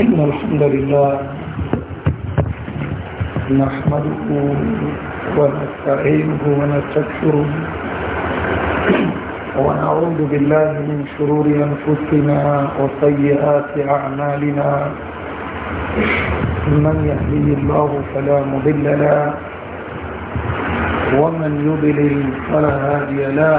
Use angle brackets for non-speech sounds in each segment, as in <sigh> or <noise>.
إن الحمد لله نحمده ونستعينه ونستكفره <clears throat> ونعوذ بالله من شرور أنفسنا وسيئات أعمالنا من يهدي الله فلا مضل له ومن يضلل فلا هادي له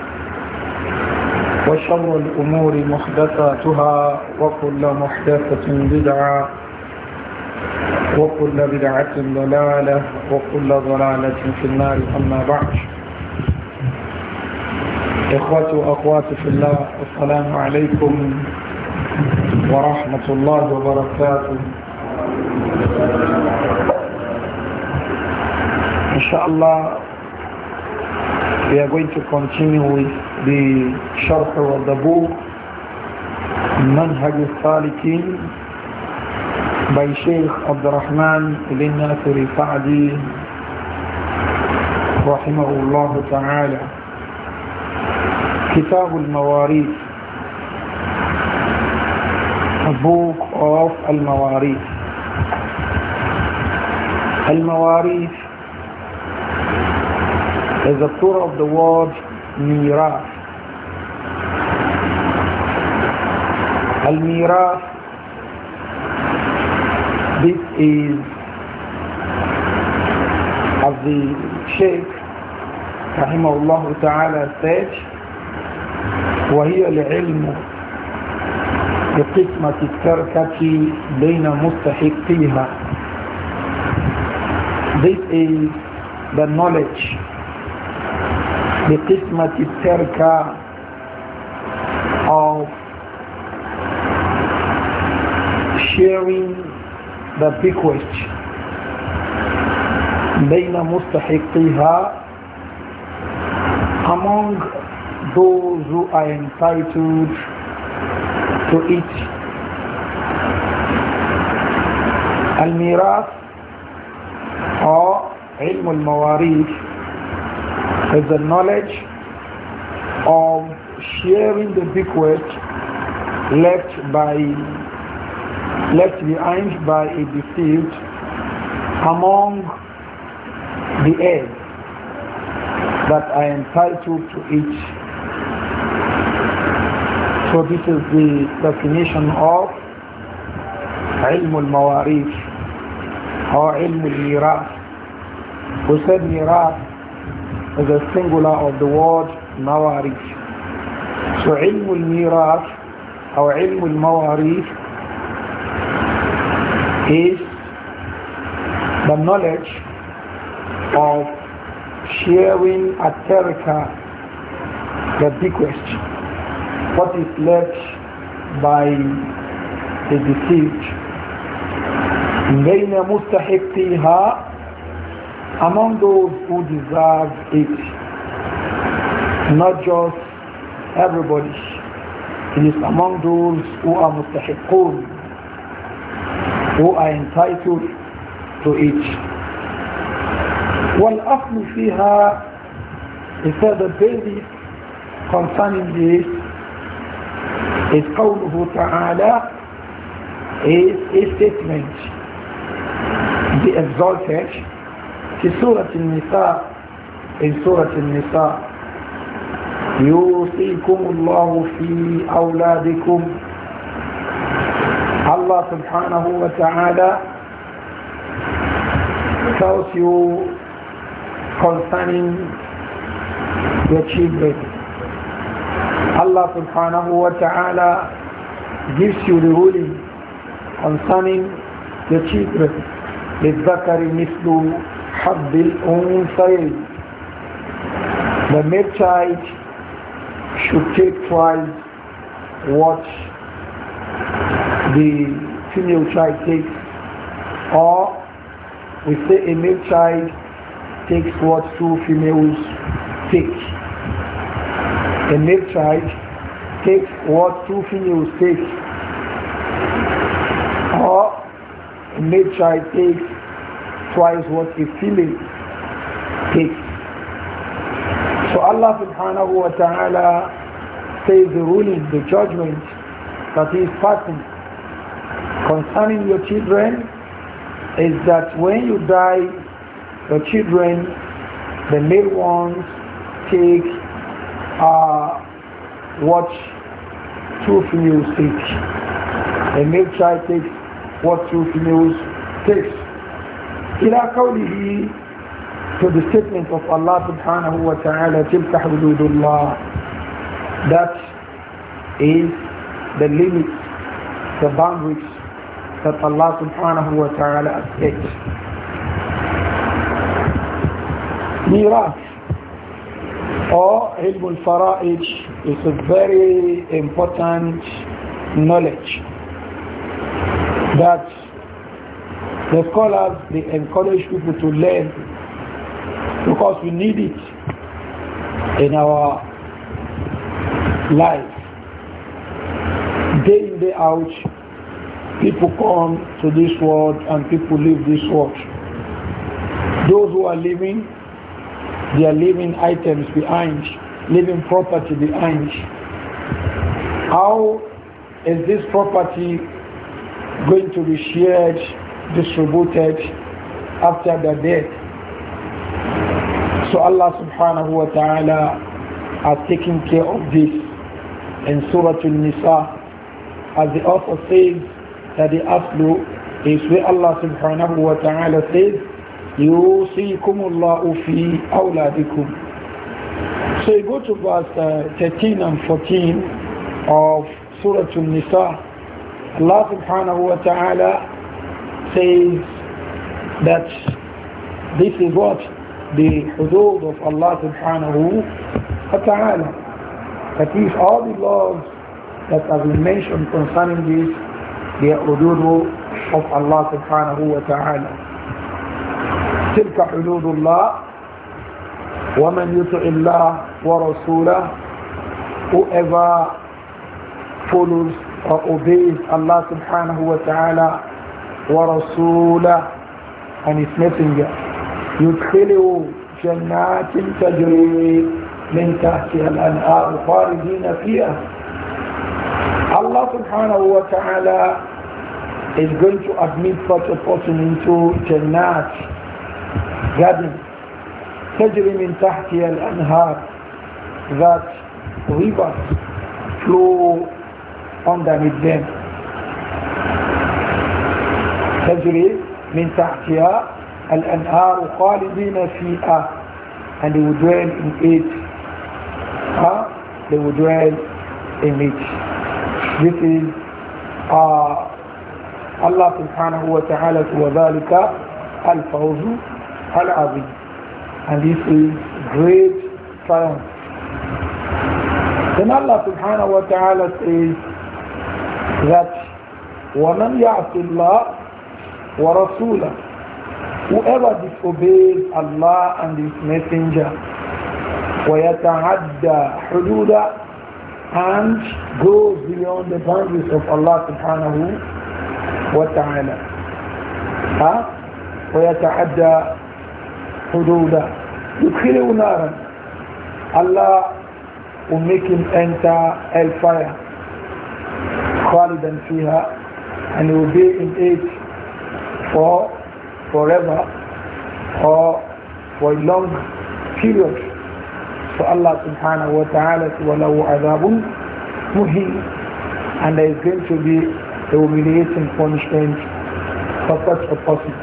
وشر الأمور محدثاتها وكل محدثة بدعة وكل بدعة ضلالة وكل ضلالة في النار أما بعد إخوتي وأخواتي في الله السلام عليكم ورحمة الله وبركاته إن شاء الله we are going to continue with بشرح والدبور منهج السالكين باي شيخ عبد الرحمن بن ناصر سعدي رحمه الله تعالى كتاب المواريث Book of المواريث المواريث is the plural of the word ميراث الميراث this is as the Sheikh rahimahullah ta'ala said وهي العلم بقسمة التركة بين مستحقيها This is the knowledge بقسمة التركة sharing the bequest بين مستحقها among those who are entitled to it الميراث or علم المواريث is the knowledge of sharing the bequest left by left behind by a deceived among the heirs that are entitled to each. So this is the definition of علم al-mawarif or ilm al We said miraf is a singular of the word مواريث. So علم al-miraf or ilm al is the knowledge of sharing a terika, the bequest, what is left by the deceased among those who deserve it, not just everybody. It is among those who are mustahiqun, who are entitled to it. والأصل فيها is that the basis concerning this is قوله تعالى is a statement the exalted في سورة النساء in سورة النساء يوصيكم الله في أولادكم Allah subhanahu wa ta'ala tells you concerning the children. Allah subhanahu wa ta'ala gives you the ruling concerning the children. للذكر مثل حظ الأنثيين The male child should take twice what the female child takes, or we say a male child takes what two females take. A male child takes what two females take, or a male child takes twice what a female takes. So Allah subhanahu wa ta'ala says the ruling, the judgment that he is passing concerning your children is that when you die, your children, the male ones, take uh, what two females take. The male child takes what two females takes. إلى قوله to the statement of Allah subhanahu wa ta'ala تلك حدود الله that is the limit, the boundaries that Allah subhanahu wa ta'ala has Miraj or Ilm al-Fara'ij is a very important knowledge that the scholars they encourage people to learn because we need it in our life day in day out People come to this world and people leave this world. Those who are living, they are leaving items behind, leaving property behind. How is this property going to be shared, distributed after their death? So Allah subhanahu wa ta'ala has taking care of this. In Surah Al-Nisa, as the author says, that the aflu Allah subhanahu wa ta'ala says, يوصيكم الله في أولادكم. So you go to verse uh, 13 and 14 of Surah al nisa Allah subhanahu wa ta'ala says that this is what the hudud of Allah subhanahu wa ta'ala. That is all the laws that have been mentioned concerning this ليأخذوه حب الله سبحانه وتعالى تلك حدود الله ومن يطع الله ورسوله whoever follows or obeys Allah subhanahu wa ta'ala ورسوله and his messenger يدخله جنات تجري من تحتها الأنهار خالدين فيها Allah subhanahu wa ta'ala is going to admit such a person into Jannat, garden, تجري من تحتها الأنهار, that rivers flow underneath them. تجري من تحتها الأنهار خالدين فيها and they will dwell in it. Huh? They will dwell in it. This is uh, Allah subhanahu wa ta'ala وَذَلِكَ الْفَوْزُ الْعَظِيمُ And this is great triumph. Then Allah subhanahu wa ta'ala says that وَمَنْ يَعْصِ اللَّهِ وَرَسُولَهُ Whoever disobeys Allah and His Messenger وَيَتَعَدَّى حُدُودَهُ and goes beyond the boundaries of Allah subhanahu wa ta'ala. Huh? ويتعدى حدودا يدخله نارا Allah will make him enter hellfire خالدا فيها and he will be in it for forever or for a long period so Allah subhanahu wa ta'ala وَلَوْ عَذَابٌ مُهِينٌ And there is going to be a humiliating punishment for such a person.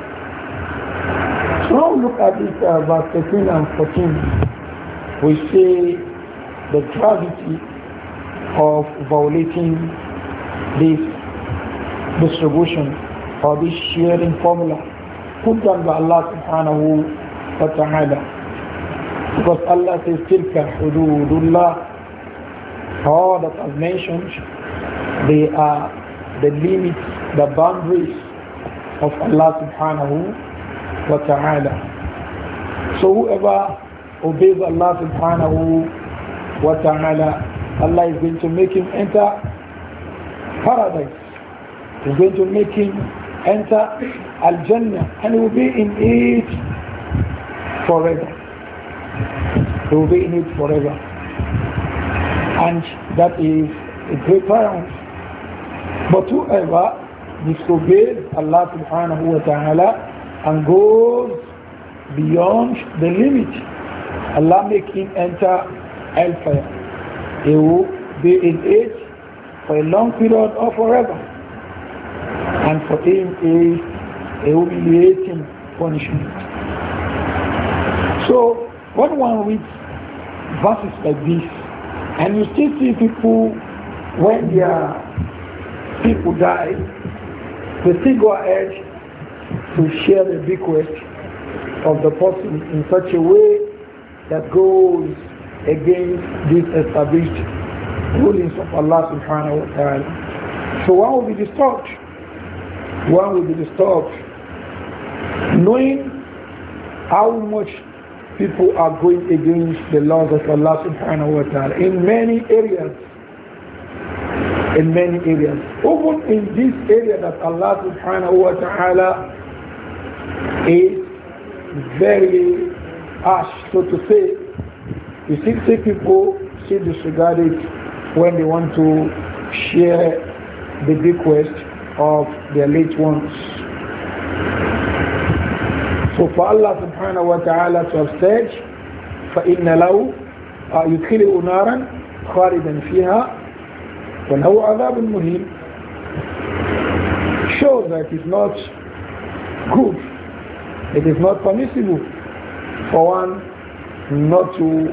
So now look at this uh, verse 13 and 14. We see the gravity of violating this distribution or this sharing formula put down by Allah subhanahu wa ta'ala. Because Allah says, "Tilka Hududullah." All that I've mentioned, they are the limits, the boundaries of Allah subhanahu wa ta'ala. So whoever obeys Allah subhanahu wa ta'ala, Allah is going to make him enter paradise. He's going to make him enter Al-Jannah and he will be in it forever. To will be in it forever. And that is a great triumph. But whoever disobeys Allah subhanahu wa ta'ala and goes beyond the limit, Allah make him enter hellfire. He will be in it for a long period or forever. And for him is a humiliating punishment. So when one reads verses like this, and you still see people, when their people die, they still go ahead to share the bequest of the person in such a way that goes against these established rulings of Allah subhanahu wa ta'ala. So one will be disturbed. One will be disturbed knowing how much people are going against the laws of Allah subhanahu wa ta'ala in many areas. In many areas. Even in this area that Allah subhanahu wa ta'ala is very harsh, so to say. You see, see people still disregard it when they want to share the bequest of their late ones. So for Allah subhanahu wa ta'ala to have said, فَإِنَّ لَوْ يُدْخِلِهُ نَارًا خَارِدًا فِيهَا وَلَهُ عَذَابٌ مُهِينٌ Shows that it's not good, it is not permissible for one not to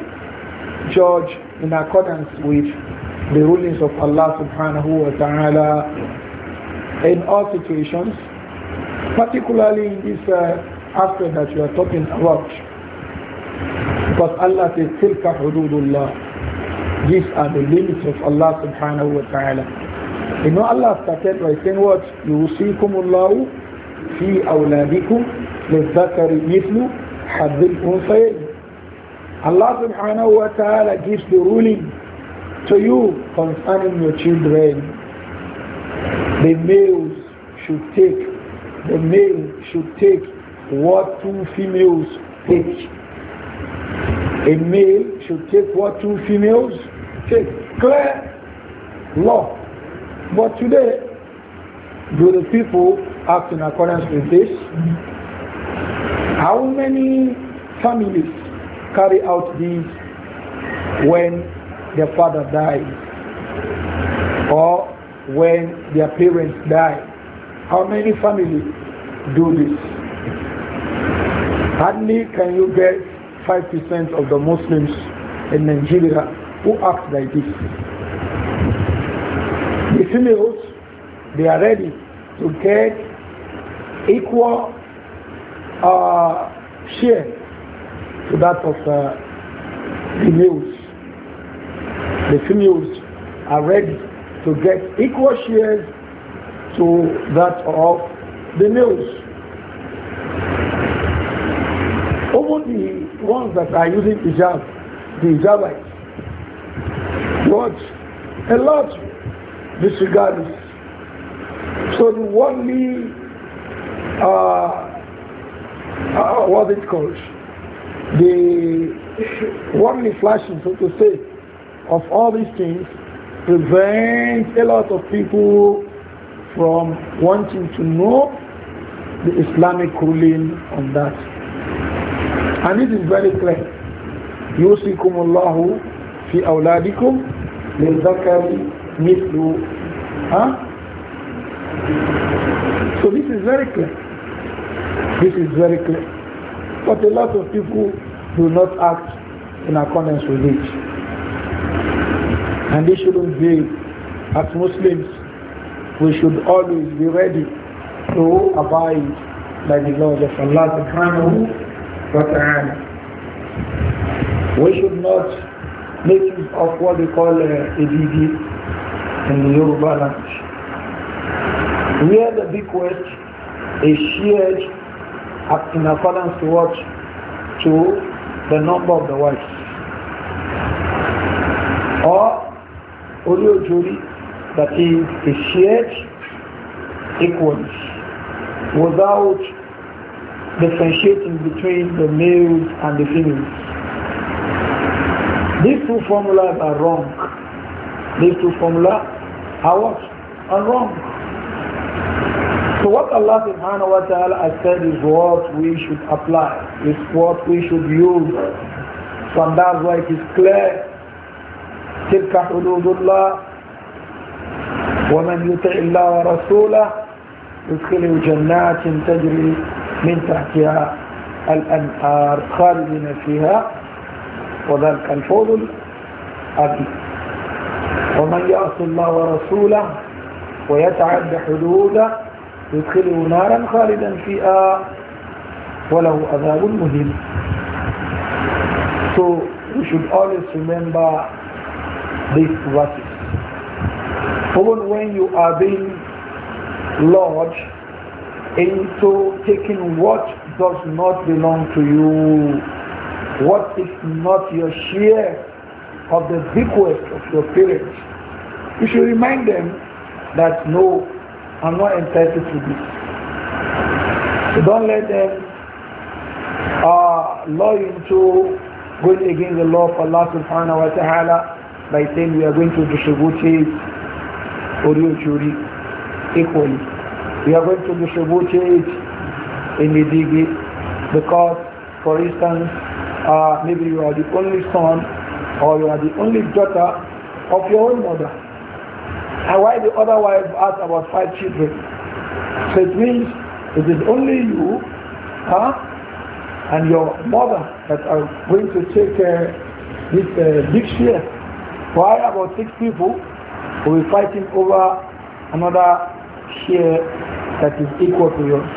judge in accordance with the rulings of Allah subhanahu wa ta'ala in all situations, particularly in this uh, after that you are talking about. Because Allah says, tilka حُدُودُ These are the limits of Allah subhanahu wa ta'ala. You know Allah started by saying what? يُوصِيكُمُ اللَّهُ فِي أَوْلَادِكُمْ لِلذَّكَرِ مِثْلُ حَظِّ الْأُنْثَيَيْنِ Allah subhanahu wa ta'ala gives the ruling to you concerning your children. The males should take, the male should take what two females take. A male should take what two females take. Clear law. But today, do the people act in accordance with this? How many families carry out these when their father dies or when their parents die? How many families do this? Hardly can you get 5% of the Muslims in Nigeria who act like this. The females, they are ready to get equal uh, share to that of uh, the males. The females are ready to get equal shares to that of the males. Even the ones that are using hijab, the hijabites, what? A lot disregard So the only, uh, uh, it called? The only flashing, so to say, of all these things prevents a lot of people from wanting to know the Islamic ruling on that. And this is very clear. يوصيكم الله في أولادكم للذكر مثل ها So this is very clear. This is very clear. But a lot of people do not act in accordance with it. And this shouldn't be. As Muslims, we should always be ready to abide by the laws of Allah subhanahu وتعالى. Um, we should not make use of what we call uh, a ADD in the Yoruba language. Where the bequest is shared in accordance to what? To the number of the wives. Or Oriol Jury that is, is shared equally without differentiating between the males and the females. These two formulas are wrong. These two formulas are what? Are wrong. So what Allah subhanahu wa ta'ala has said is what we should apply, is what we should use. So and that's why it is clear. تلك حدود الله ومن يطع الله ورسوله يدخله جنات تجري من تحتها الأنهار خالدين فيها وذلك الفوز الأبي ومن يعص الله ورسوله ويتعد حدوده يدخله نارا خالدا فيها وله عذاب مهين So we should always remember these verses. Even when you are being lodged into taking what does not belong to you, what is not your share of the bequest of your parents. You should remind them that no, I'm not entitled to this. So don't let them uh, law into going against the law of Allah subhanahu wa ta'ala by saying we are going to distribute his or your jury equally. We are going to distribute it in the digi because, for instance, uh, maybe you are the only son or you are the only daughter of your own mother. And why the other wife has about five children? So it means it is only you huh, and your mother that are going to take uh, this uh, big share. Why about six people will be fighting over another share that is equal to yours.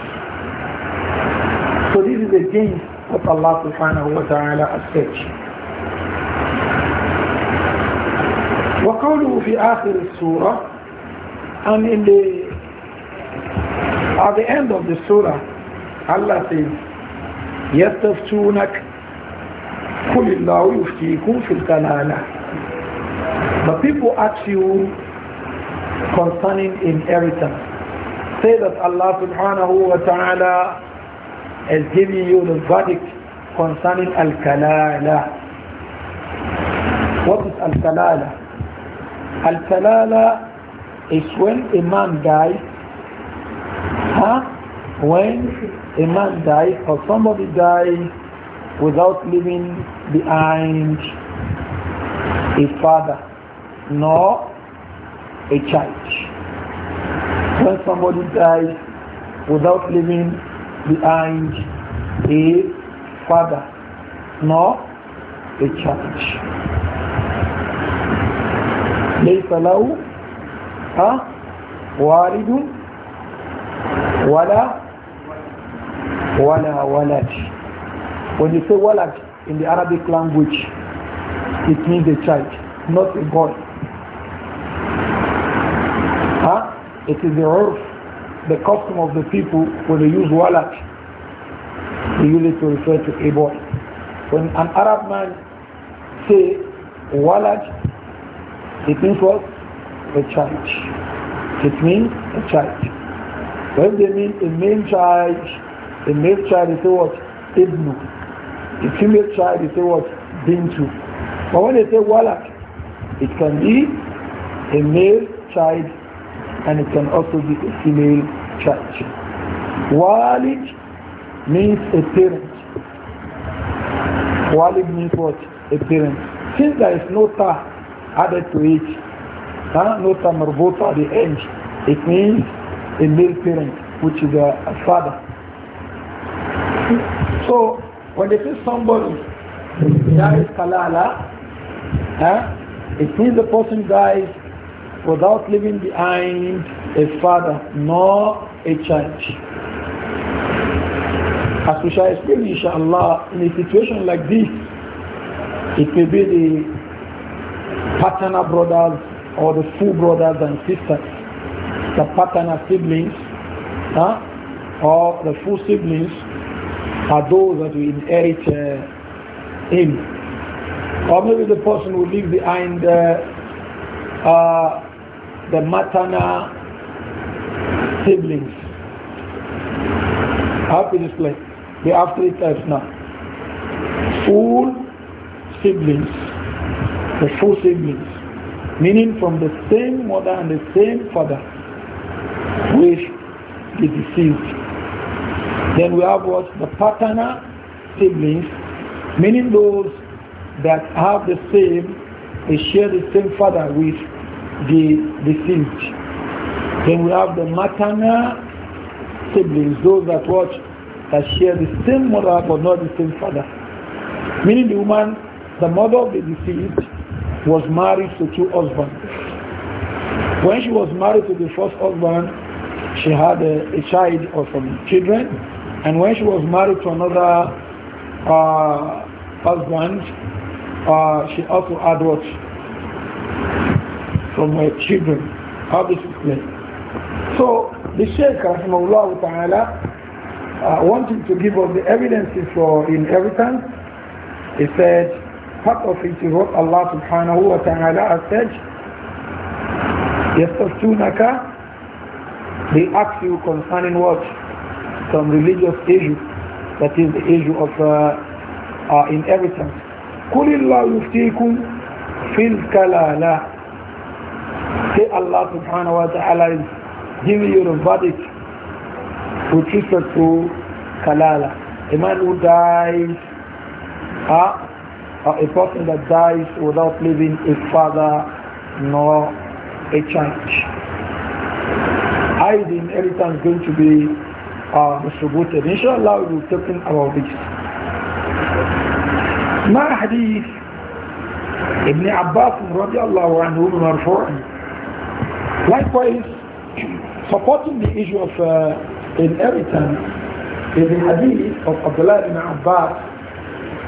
So this is against what Allah subhanahu wa ta'ala has said. وقوله في آخر السورة and in the at the end of the surah Allah says يستفتونك قل الله يفتيكم في الكلالة but people ask you concerning inheritance say that Allah subhanahu wa ta'ala is giving you the verdict concerning al-kalala. What is al-kalala? Al-kalala is when a man dies, huh? when a man dies or somebody dies without leaving behind a father nor a child when somebody dies without leaving behind a father nor a church. ليس له والد ولا ولا ولد when you say walad in the Arabic language, it means a child, not a boy. It is the earth. the custom of the people when they use walak. They use it to refer to a boy. When an Arab man say walak, it means what? A child. It means a child. When they mean a male child, a male child is what? Ibnu. A female child is what? Bintu. But when they say walak, it can be a male child and it can also be a female child. Walid means a parent. Walid means what? A parent. Since there is no ta added to it, huh? no ta marbota at the end, it means a male parent, which is a, a father. So when they say somebody dies kalala, huh? it means the person dies without leaving behind a father nor a child. As we shall explain, inshallah, in a situation like this, it may be the paternal brothers or the full brothers and sisters, the paternal siblings, huh? or the full siblings are those that we inherit uh, in. Or maybe the person who leaves behind uh, uh, the maternal siblings. How to display? They have three types now. Full siblings. The full siblings. Meaning from the same mother and the same father with the deceased. Then we have what? The paternal siblings. Meaning those that have the same, they share the same father with the deceived. Then we have the maternal siblings, those that watch that share the same mother but not the same father. Meaning the woman, the mother of the deceased, was married to two husbands. When she was married to the first husband, she had a, a child or some children, and when she was married to another uh, husband, uh, she also had what? from my children. How this is played. So the Shaykh Rahimahullah Ta'ala uh, wanted to give us the evidences for inheritance. He said, part of it is what Allah subhanahu wa ta'ala has said. يَسْتَفْتُونَكَ They ask you concerning what? Some religious issue. That is the issue of uh, uh, inheritance. قُلِ اللَّهُ يُفْتِيكُمْ فِي الْكَلَالَةِ say Allah subhanahu wa ta'ala is giving you the verdict with respect to Kalala. A man who dies, huh? a person that dies without leaving a father nor a child. How is everything inheritance going to be uh, distributed? Inshallah, we will be talking about this. My hadith, Ibn Abbas رضي الله عنه Likewise, supporting the issue of uh, inheritance is the hadith of Abdullah ibn Abbas,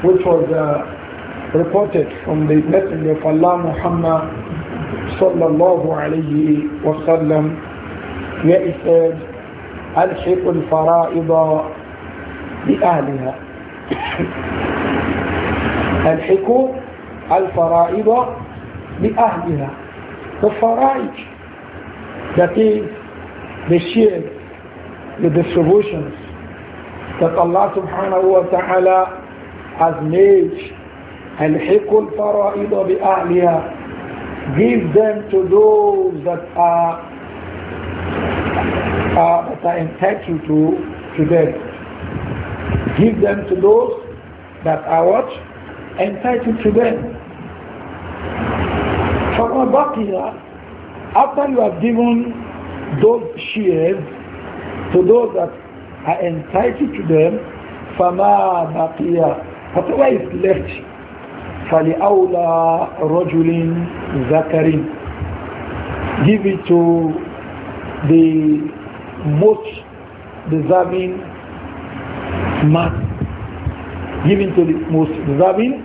which was uh, reported from the Messenger of Allah Muhammad sallallahu alayhi wasallam, where he said, al bi-ahliha, al-Fara'ida بأهلها bi الفرائض the الفرائض that is, the share the distributions that Allah subhanahu wa ta'ala has made and الحق الفرائض بأهلها give them to those that are, uh, that are entitled to, to them give them to those that are what? entitled to them فما بقي after you have given those shares to those that are entitled to them, فَمَا بَقِيَ Whatever is left, فَلِأَوْلَى رَجُلٍ ذَكَرٍ Give it to the most deserving man. Give it to the most deserving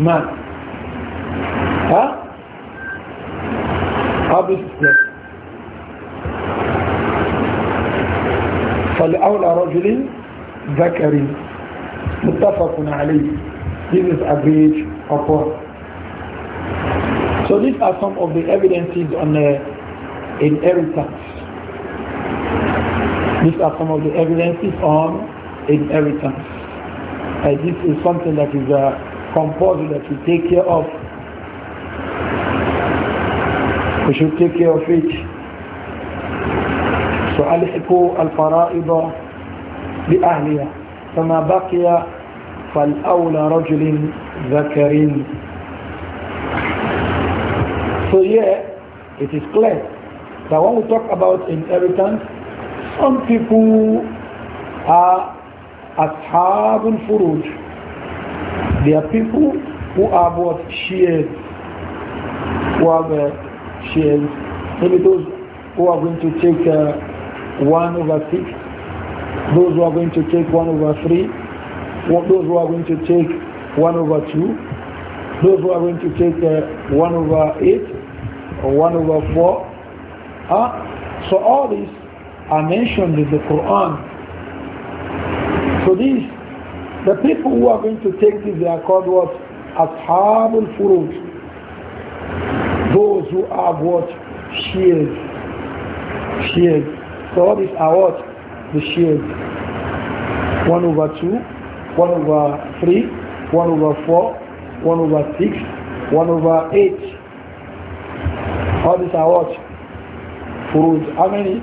man. Huh? حبس نفسه فلأولى رجل ذكر متفق عليه This is agreed upon. So these are some of the evidences on the uh, inheritance. These are some of the evidences on inheritance. and this is something that is a uh, compulsory that we take care of We should take care of it. So al ألحقوا الفرائض بأهلها فما بقي فالأولى رجل zakarin. So yeah, it is clear that when we talk about inheritance, some people are ashabul furuj. They are people who are both shares, who have shares. Maybe those who are going to take uh, 1 over 6, those who are going to take 1 over 3, those who are going to take 1 over 2, those who are going to take uh, 1 over 8 or 1 over 4. Huh? So all these are mentioned in the Quran. So these, the people who are going to take this, they are called what? Ashabul Furuj. Those who have what? Shield. Shield. So all these are what? The shield. 1 over 2, 1 over 3, 1 over 4, 1 over 6, 1 over 8. All these are what? fruits? How many?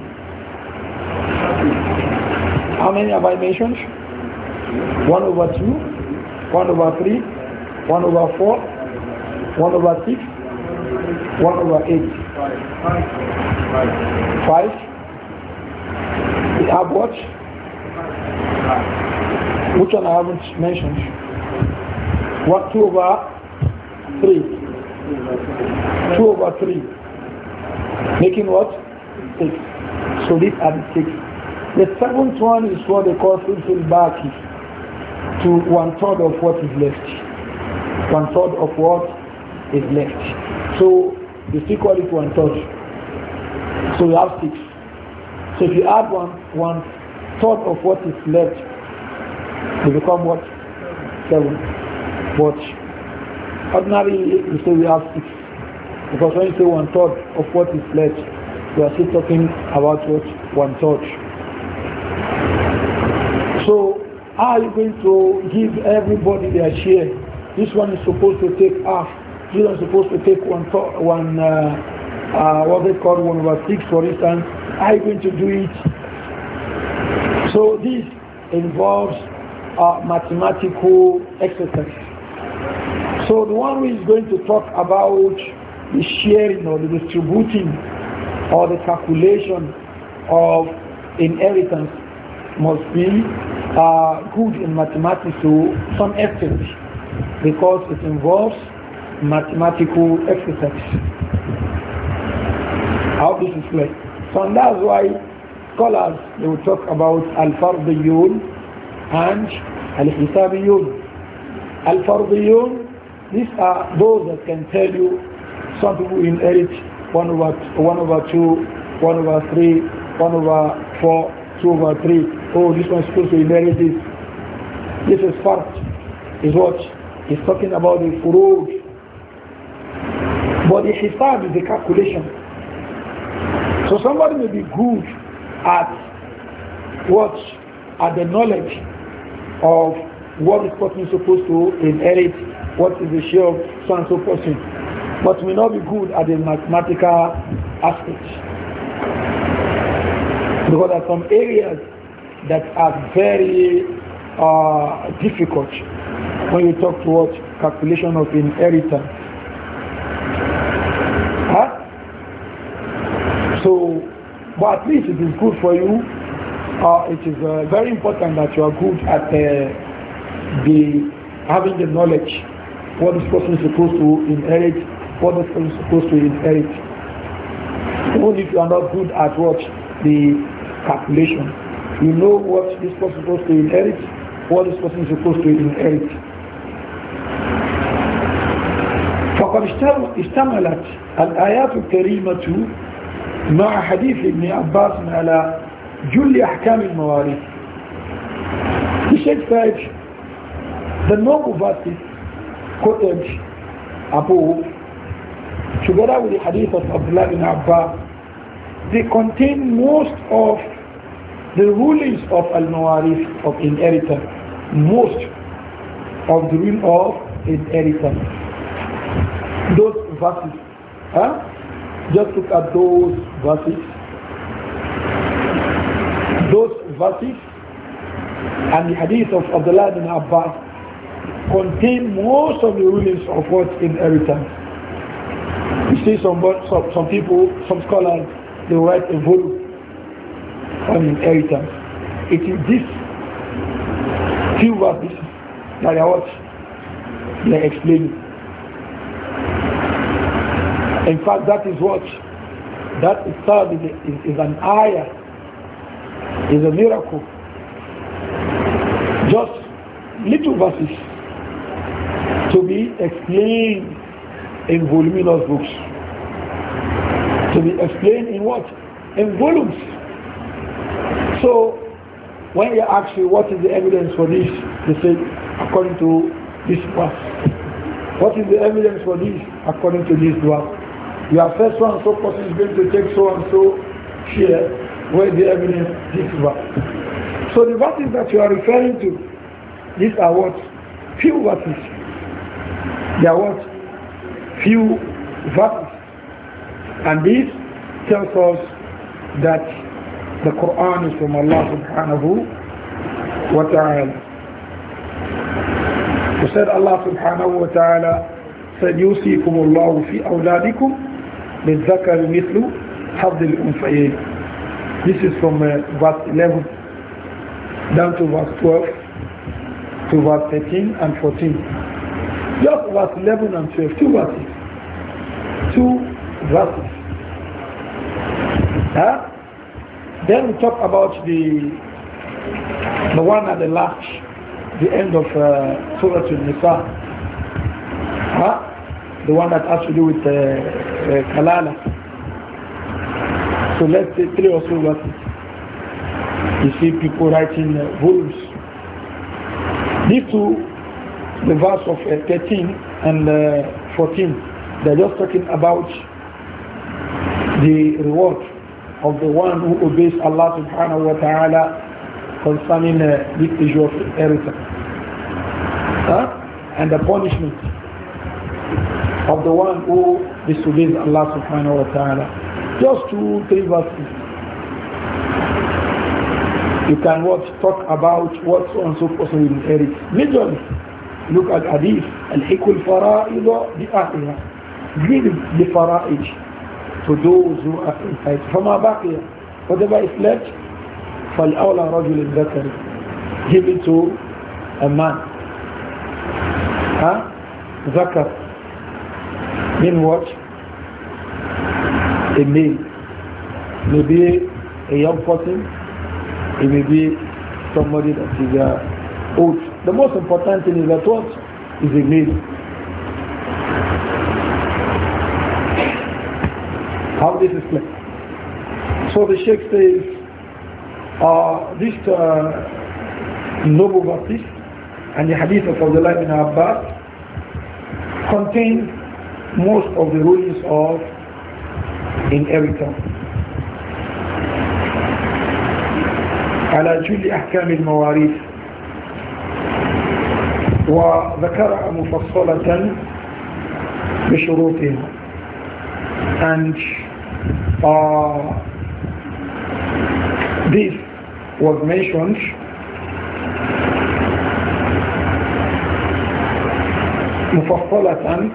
How many have I mentioned? 1 over 2, 1 over 3, 1 over 4, 1 over 6, 1 over 8? 5? Five. We have what? Which one I haven't mentioned? What 2 over 3? 2 over 3. Making what? 6. So these are the 6. The seventh one is what they call fulfill back to one third of what is left. One third of what is left. So you still call it one third. So you have six. So if you add one one third of what is left, you become what? Seven. But ordinarily you say we have six. Because when you say one third of what is left, we are still talking about what? One third. So how are you going to give everybody their share? This one is supposed to take half you are supposed to take one, one uh, uh, what they call one over six, for instance. Are you going to do it? So this involves uh, mathematical exercise. So the one who is going to talk about the sharing or the distributing or the calculation of inheritance must be uh, good in mathematics to some extent because it involves mathematical exercise. How this is played. So and that's why scholars they will talk about al-fardiyun and al-hisabiyun. Al-fardiyun, these are those that can tell you some people inherit 1 over, one over 2, 1 over 3, 1 over 4, 2 over 3. Oh, this one is supposed to inherit this. This is part, is what? He's talking about the furud, but the hisab is a calculation. So somebody may be good at what? At the knowledge of what is person is supposed to inherit, what is the share of so and so person, but may not be good at the mathematical aspect. Because there are some areas that are very uh, difficult when you talk towards calculation of inheritance. So, but at least it is good for you. Uh, it is uh, very important that you are good at uh, the having the knowledge what this person is supposed to inherit, what this person is supposed to inherit. Even if you are not good at what the calculation, you know what this person is supposed to inherit, what this person is supposed to inherit. فقد اشتملت الآيات الكريمة مع حديث ابن عباس على جل أحكام المواريث The Sheikh said the noble verses quoted above together with the hadith of Abdullah ibn Abbas they contain most of the rulings of al-Mawarif of inheritance most of the ruling of inheritance those verses huh? Just look at those verses. Those verses and the hadith of Abdullah bin Abbas contain most of the rulings of what inheritance. You see some, some, some people, some scholars, they write a volume on inheritance. It is this few verses that I watch, they explain in fact, that is what? That itself is, is, is an ayah, is a miracle. Just little verses to be explained in voluminous books. To be explained in what? In volumes. So, when you ask you what is the evidence for this, they say, according to this verse. What is the evidence for this, according to this verse? You have one, so so person is going to take so and so share where the evidence differs. So the verses that you are referring to, these are what? Few verses. They are what? Few verses. And this tells us that the Quran is from Allah subhanahu wa ta'ala. said, الله سبحانه وتعالى سيوصيكم الله في أولادكم للذكر مثل حظ الأنثيين This is from uh, verse 11 down to verse 12 to verse 13 and 14. Just verse 11 and 12, two verses. Two verses. Huh? Then we talk about the the one at the last, the end of uh, Surah Al-Nisa. Huh? The one that has to do with uh, Eh, kalala. So let's say three or so verses. You see people writing uh, volumes. These two, the verse of uh, 13 and uh, 14, they're just talking about the reward of the one who obeys Allah subhanahu wa ta'ala concerning uh, this issue of inheritance huh? and the punishment of the one who disobeys Allah subhanahu wa ta'ala. Just two, three verses. You can what talk about what so and so person will inherit. Majorly, look at hadith. Al-Hikul Fara'idha bi'ahliha. Give the fara'id to those who are inside. From here. whatever is left, فَالْأَوْلَى رَجُلٍ ذَكَرٍ Give it to a man. Huh? ذَكَرٍ then what? A male. Maybe a young person. It may be somebody that is uh, old. The most important thing is that what is a male. How this is played. So the Sheikh says, uh, this uh, noble verse and the hadith of the life in Abbas contains most of the rulings of inheritance. على جل أحكام المواريث وذكرها مفصلة بشروطها and uh, this was mentioned مفصلة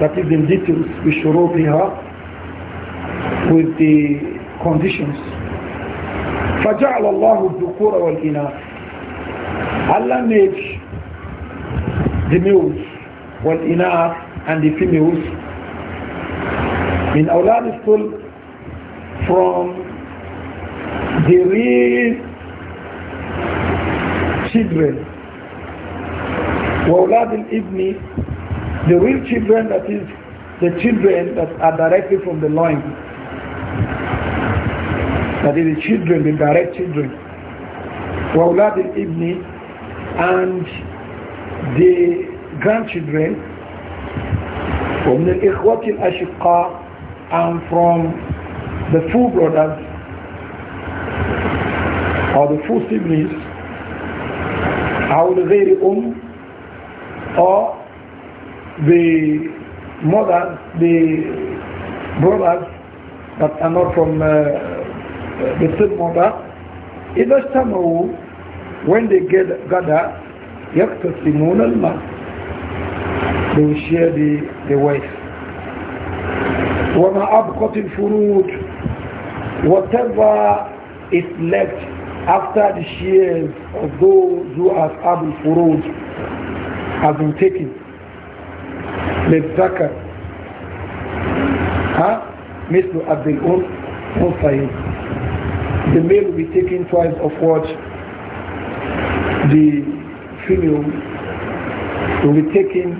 that is in details with the conditions فجعل الله الذكور والإناث Allah made the males والإناث and the females من أولاد الصلب from the real children وأولاد الإبن The real children, that is, the children that are directly from the loins. That is the children, the direct children. وَأُولَادِ الْإِبْنِ And the grandchildren from the الإخوة الأشقاء and from the full brothers or the full siblings أو الغير أم or the mothers, the brothers that are not from uh, the same mother, إذا اجتمعوا when they get gather يقتسمون المال they will share the, the have وما أبقت الفروج whatever is left after the shares of those who have in الفروج have been taken للذكر ها مثل عبد الأنثيين the male will be taking twice of what the female will be taking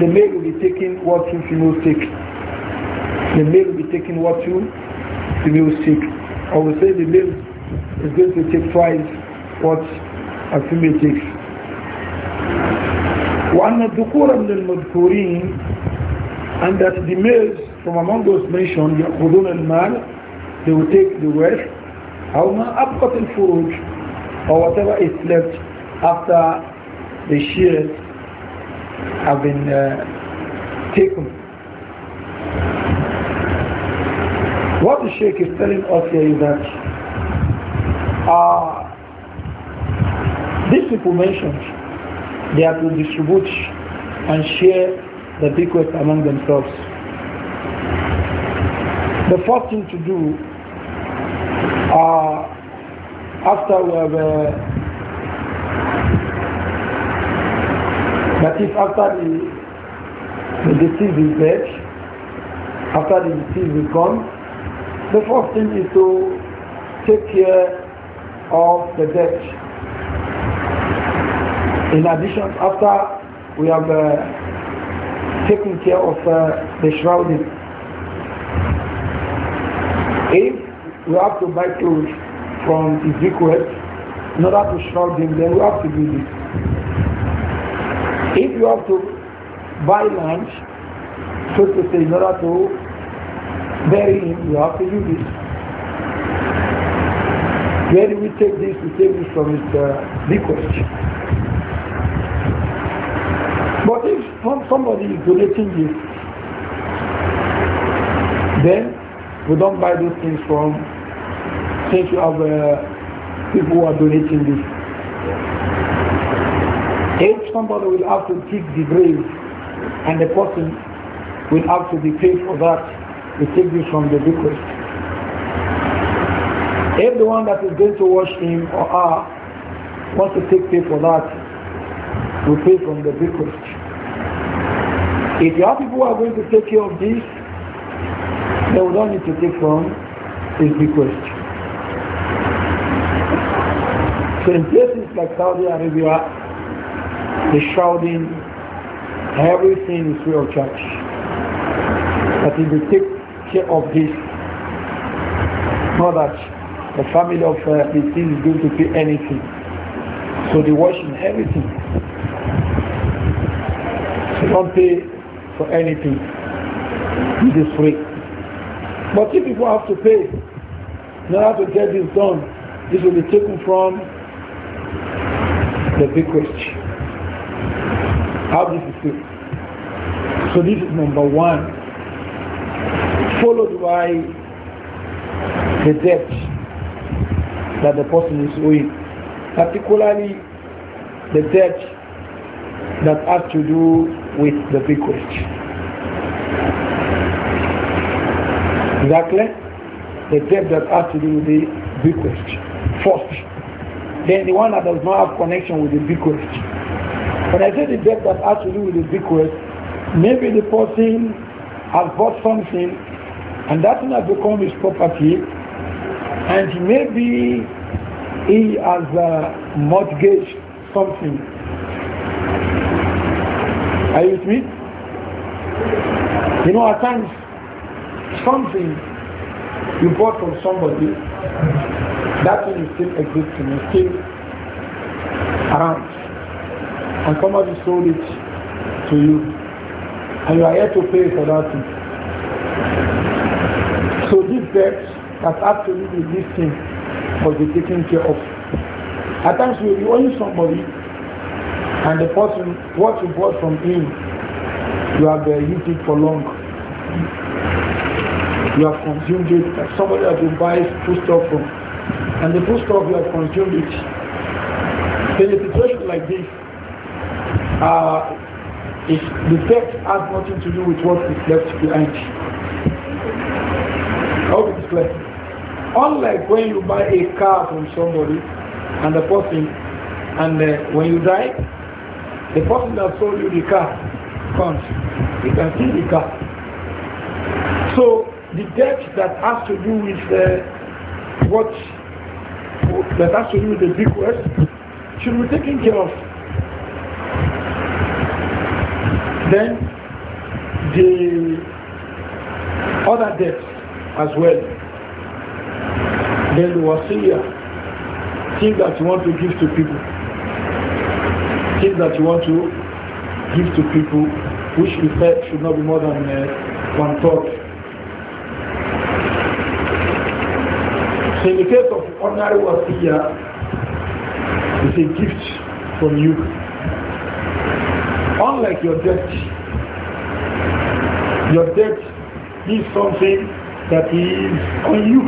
the male will be taking what two females take the male will be taking what two females take I will say the male is going to take twice what a female takes وأن الذكور من المذكورين and that the males from among those mentioned يأخذون المال they will take the wealth أو ما أبقت الفروج or whatever is left after the shears have been uh, taken. What the Sheikh is telling us here is that uh, these people mentioned they have to distribute and share the bequest among themselves. The first thing to do uh, after we have uh, that is after the, the is dead, after the deceased is gone, the first thing is to take care of the debt in addition, after we have uh, taken care of uh, the shrouding, if we have to buy clothes from the bequest in order to shroud them, then we have to do this. If you have to buy lunch, so to say, in order to bury him, you have to do this. Where do we take this? to take this from his uh, bequest. But if somebody is donating this, then we don't buy those things from since you have uh, people who are donating this. If somebody will have to dig the grave and the person will have to be paid for that, we take this from the request. If the one that is going to wash him or her wants to take pay for that, we pay from the bequest. If you have people who are going to take care of this, they will not need to take from his bequest. So in places like Saudi Arabia, the shouting, everything is real church. But if we take care of this, not that the family of uh, the is going to pay anything. So they wash in everything don't pay for anything. It is free. But if people have to pay in order to get this done, this will be taken from the big question. How this is free. So this is number one. Followed by the debt that the person is owing, particularly the debt that has to do with the bequest. Exactly. The debt that has to do with the bequest first. Then the one that does not have connection with the bequest. When I say the debt that has to do with the bequest, maybe the person has bought something and that thing has become his property and maybe he has uh, mortgaged something are you with me? You know, at times, something you bought from somebody, that thing is still existing, is still around. And somebody sold it to you. And you are here to pay for that thing. So this debt that absolutely this thing must be taken care of. At times you will be somebody and the person, what you bought from him, you have uh, used it for long. You have consumed it. Like somebody that you buy foodstuff from. And the foodstuff, you have consumed it. In a situation like this, uh, if the theft has nothing to do with what is left behind. I hope it's clear. Unlike when you buy a car from somebody and the person, and uh, when you die, the person that sold you the car comes. You can see the car. So the debt that has to do with uh, what that has to do with the bequest should be taken care of. Then the other debts as well. Then the wasiya, things that you want to give to people things that you want to give to people, which we said should not be more than uh, one third. So in the case of ordinary wasiya, it's a gift from you. Unlike your debt, your debt is something that is on you.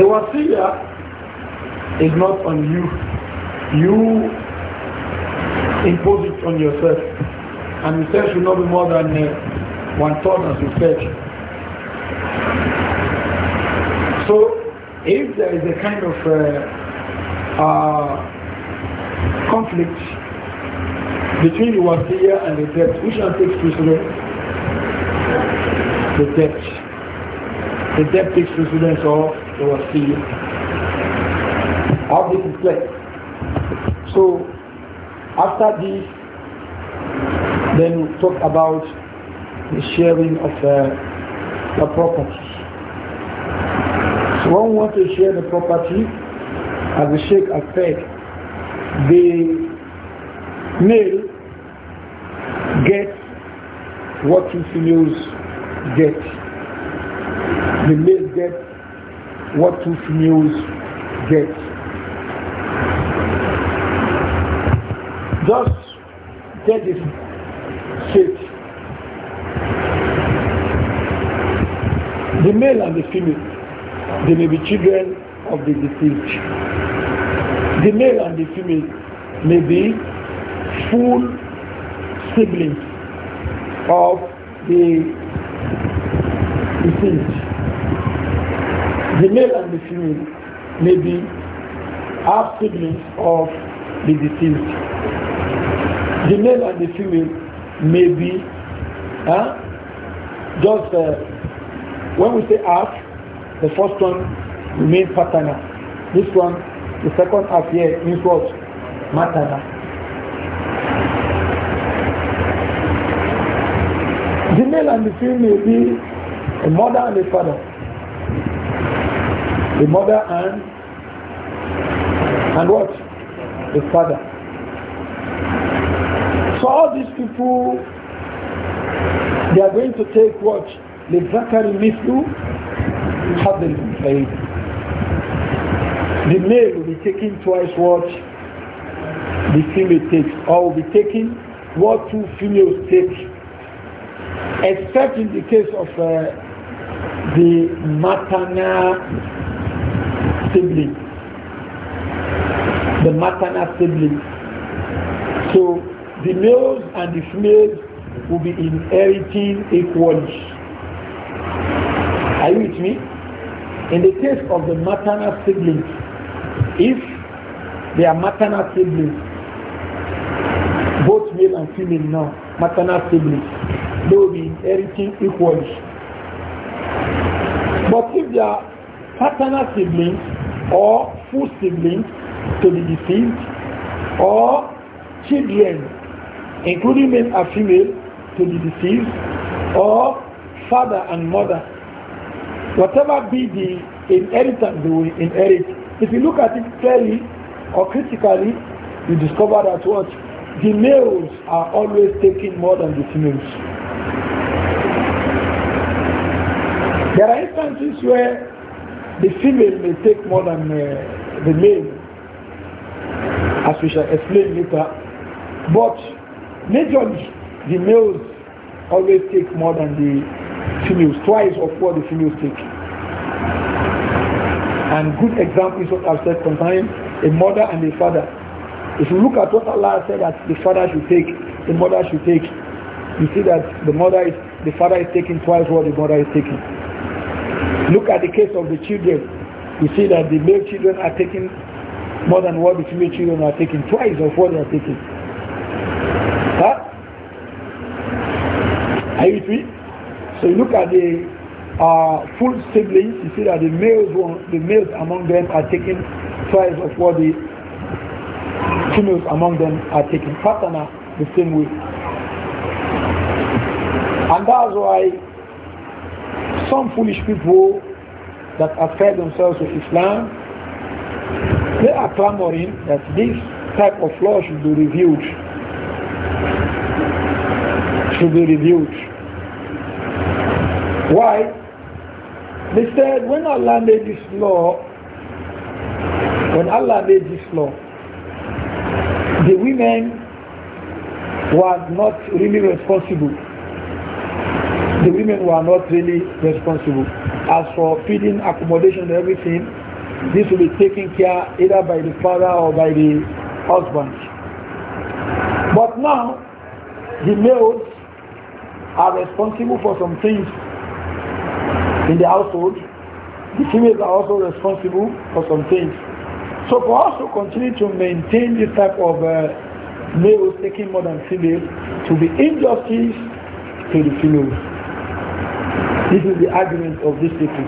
The wasiya is not on you. You impose it on yourself. And the said should not be more than uh, one ton as we said. So if there is a kind of uh, uh, conflict between the wasiya and the debt, which one takes precedence? The debt. The debt takes precedence of the wasiya. All this is clear. So after this, then we'll talk about the sharing of uh, the property. So when we want to share the property, as the Sheikh has said, the male gets what the females get. The male gets what two females get. Thus, get it The male and the female, they may be children of the deceased. The male and the female may be full siblings of the deceased. The male and the female may be half siblings of the deceased. The male and the female may be huh? just uh, when we say half, the first one remains paternal. This one, the second half here means what? Maternal. The male and the female may be a mother and a father. The mother and and what? The father. So all these people, they are going to take what? the لِلْذَكَرِ have been paid. The male will be taking twice what the female takes, or will be taking what two females take, except in the case of uh, the maternal sibling. The maternal sibling. So the males and the females will be inheriting equally. Are you with me? In the case of the maternal siblings, if they are maternal siblings, both male and female now, maternal siblings, they will be inheriting equally. But if they are paternal siblings or full siblings to be deceased, or children including male and female to be deceased, or father and mother. Whatever be the inheritance they will inherit, if you look at it clearly or critically, you discover that what the males are always taking more than the females. There are instances where the female may take more than uh, the male, as we shall explain later. But Majorly, the males always take more than the females, twice of what the females take. And good example is what I've said concerning a mother and a father. If you look at what Allah said that the father should take, the mother should take, you see that the mother is the father is taking twice what the mother is taking. Look at the case of the children. You see that the male children are taking more than what the female children are taking, twice of what they are taking. So you look at the uh, full siblings, you see that the males, one, the males among them are taking twice of what the females among them are taking. Patana the same way. And that's why some foolish people that affair themselves to Islam, they are clamoring that this type of law should be reviewed. Should be reviewed. Why? They said when Allah made this law, when Allah made this law, the women were not really responsible. The women were not really responsible. As for feeding, accommodation, and everything, this will be taken care either by the father or by the husband. But now, the males are responsible for some things in the household, the females are also responsible for some things. So for us to continue to maintain this type of uh, males taking more than females to be injustice to the females. This is the argument of these people.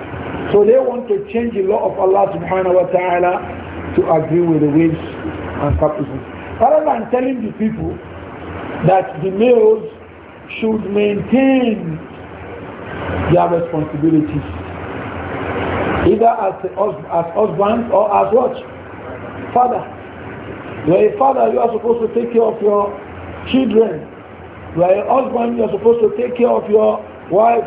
So they want to change the law of Allah subhanahu wa ta'ala to agree with the wives and capitalism. Rather than telling the people that the males should maintain their responsibilities. Either as, a, as husband or as what? Father. You're a father, you are supposed to take care of your children. You're a husband, you are supposed to take care of your wife,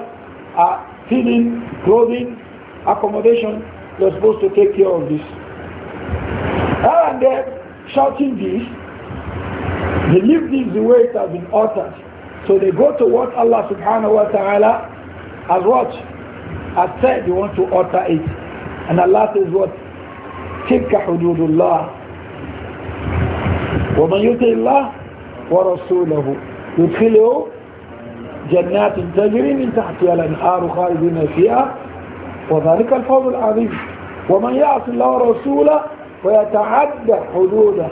uh, feeding, clothing, accommodation. You're supposed to take care of this. Ah, and then shouting this. They leave this the way it has been uttered. So they go to what Allah subhanahu wa ta'ala as what? As said, you want to utter it. And Allah says what? تِلْكَ حُدُودُ اللَّهِ ومن يطع الله ورسوله يدخله جنات تجري من تحتها الانهار خالدين فيها وذلك الفضل العظيم ومن يعص الله ورسوله ويتعدى حدوده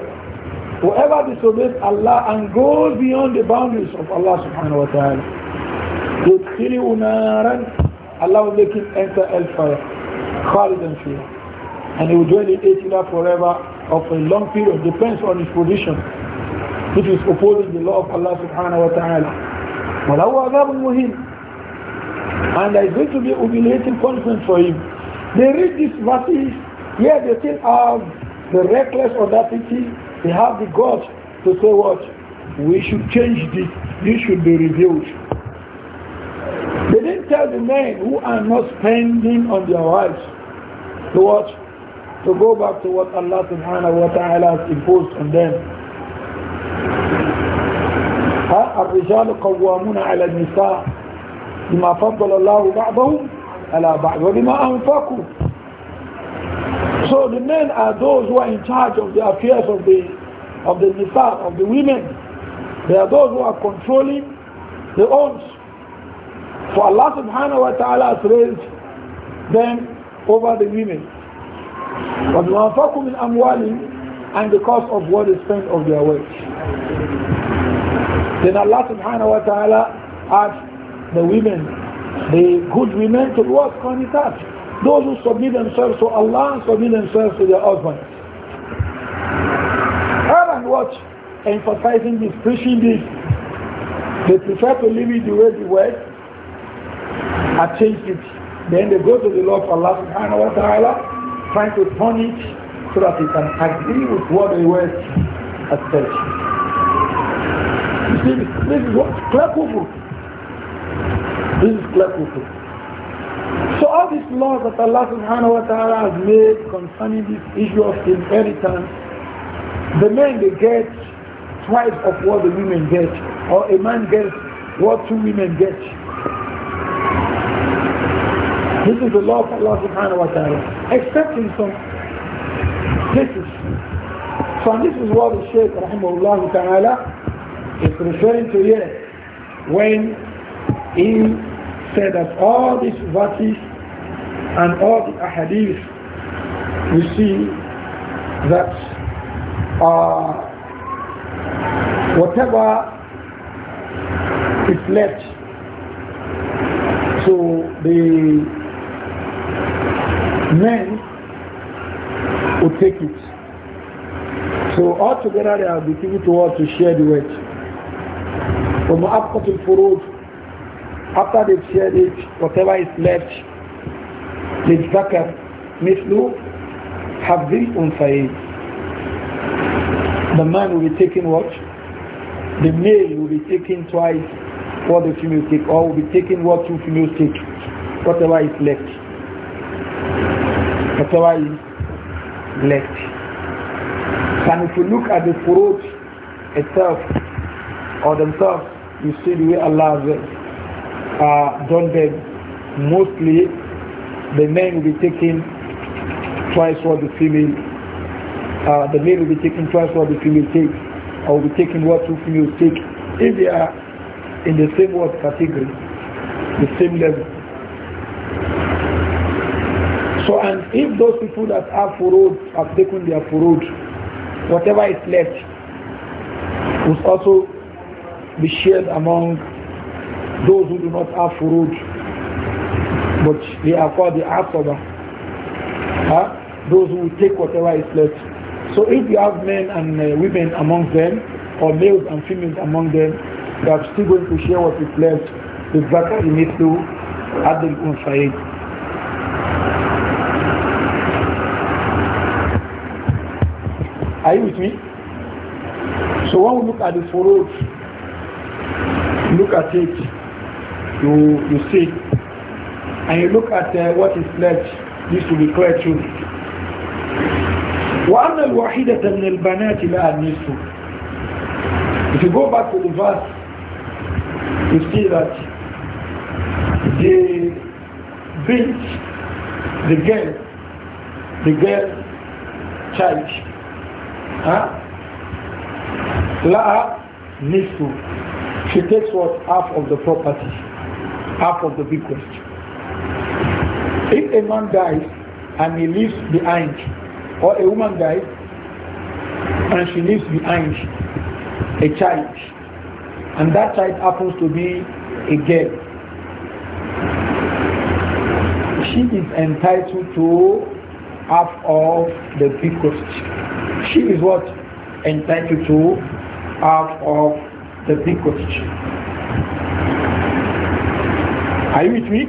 whoever disobeys Allah and goes beyond the boundaries of Allah subhanahu wa يدخله نارا Allah will make him enter hellfire خالدا فيها and he will dwell in it forever of a long period depends on his position he is opposing the law of Allah subhanahu wa ta'ala وله عذاب him. and there is going to be a humiliating punishment for him they read these verses here they still have ah, the reckless audacity they have the guts to say what we should change this this should be revealed they didn't tell the men who are not spending on their wives to watch, to go back to what Allah subhanahu wa ta'ala has imposed on them. الرجال قوامون على النساء بما فضل الله بعضهم على بعض وبما أنفقوا So the men are those who are in charge of the affairs of the of the nisa, of the women. They are those who are controlling the owns. For Allah subhanahu wa ta'ala has raised them over the women. But وَأَنْفَقُوا مِنْ amwali, and the cost of what is spent of their wealth. Then Allah subhanahu wa ta'ala asked the women, the good women to what? can it Qanitat. Those who submit themselves to Allah submit themselves to their husbands. Aaron what? Emphasizing this, preaching this. They prefer to live it the way they were I changed it. Then they go to the Lord for Allah subhanahu wa ta'ala, trying to turn it so that he can agree with what they were at church. You see, this is what clear This is clear So all these laws that Allah subhanahu wa ta'ala has made concerning this issue of inheritance, the men they get twice of what the women get, or a man gets what two women get. This is the law of Allah subhanahu wa ta'ala, Accepting from some cases. So this is what the Shaykh rahimahullah ta'ala is referring to here when he said that all these verses and all the ahadith we see that uh, whatever is left to the men will take it. So altogether they are be people to want to share the weight. From after the furud after they've shared it, whatever is left, have this on الأنثيين. The man will be taking what? The male will be taking twice what the female take, or will be taking what two females take, whatever is left. Fatawa left. And if you look at the fruit itself or themselves, you see the way Allah has uh, done them. Mostly the men will be taking twice what the female, uh, the male will be taking twice what the female takes, or will be taking what two females take if they are in the same word category, the same level. So, and if those people that have furod have taken their furod, whatever is left will also be shared among those who do not have furod, but they are called the asaba. Huh? Those who take whatever is left. So if you have men and uh, women among them, or males and females among them, they are still going to share what is left. The zakat in it to Adil Unsaid. Are you with me? So when we look at the furrows, look at it, you, you see. And you look at uh, what is left, this will be clear to you. وأن الوحيدة من البنات لا النصف If you go back to the verse, you see that the bitch, the girl, the girl child Huh? La'a nisfu. She takes what? Half of the property. Half of the bequest. If a man dies and he leaves behind, or a woman dies and she leaves behind a child, and that child happens to be a girl, she is entitled to half of the bequest she is what? Entitled to out of the big question. Are you with me?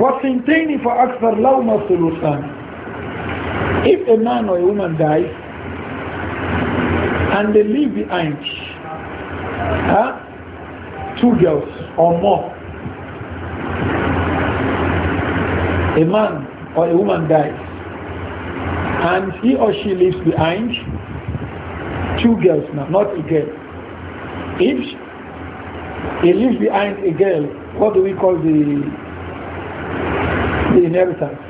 وَسِنْتَيْنِ فَأَكْثَرْ لَوْمَ ثُلُثًا If a man or a woman dies and they leave behind huh, two girls or more, a man or a woman dies and he or she leaves behind two girls now, not a girl. If he leaves behind a girl, what do we call the the inheritance?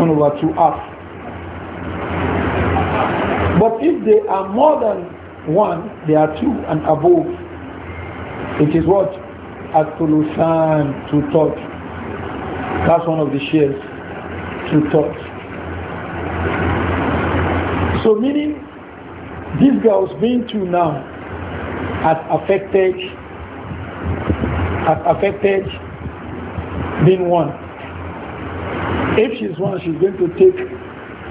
One over two half. But if they are more than one, they are two and above. It is what? Atulusan to touch. That's one of the shares to touch. So meaning these girls being two now has affected has affected being one. If she's one, she's going to take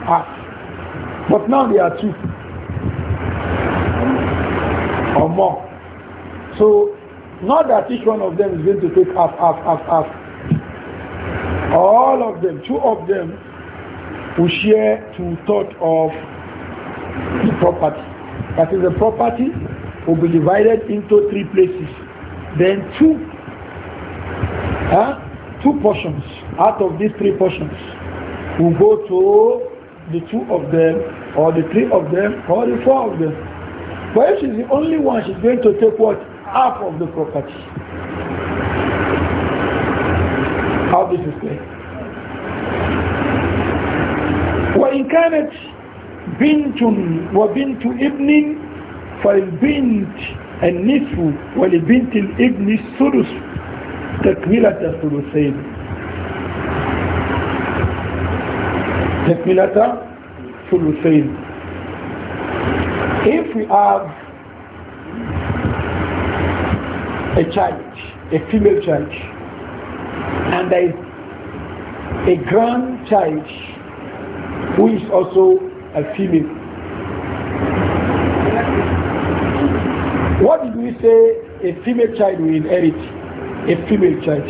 half. But now they are two or more. So not that each one of them is going to take half, half, half, half. All of them, two of them will share two thought of the property. That is the property will be divided into three places. Then two, huh, two portions out of these three portions will go to the two of them or the three of them or the four of them. But if she's the only one, she's going to take what? Half of the property. How this is clear. in كانت وبنت وبنت ابن فالبنت النصف ولبنت الابن الثلث تكملة الثلثين تكملة الثلثين If we have a child, a female child, and there is a grandchild who is also and female. What did we say a female child will inherit? A female child.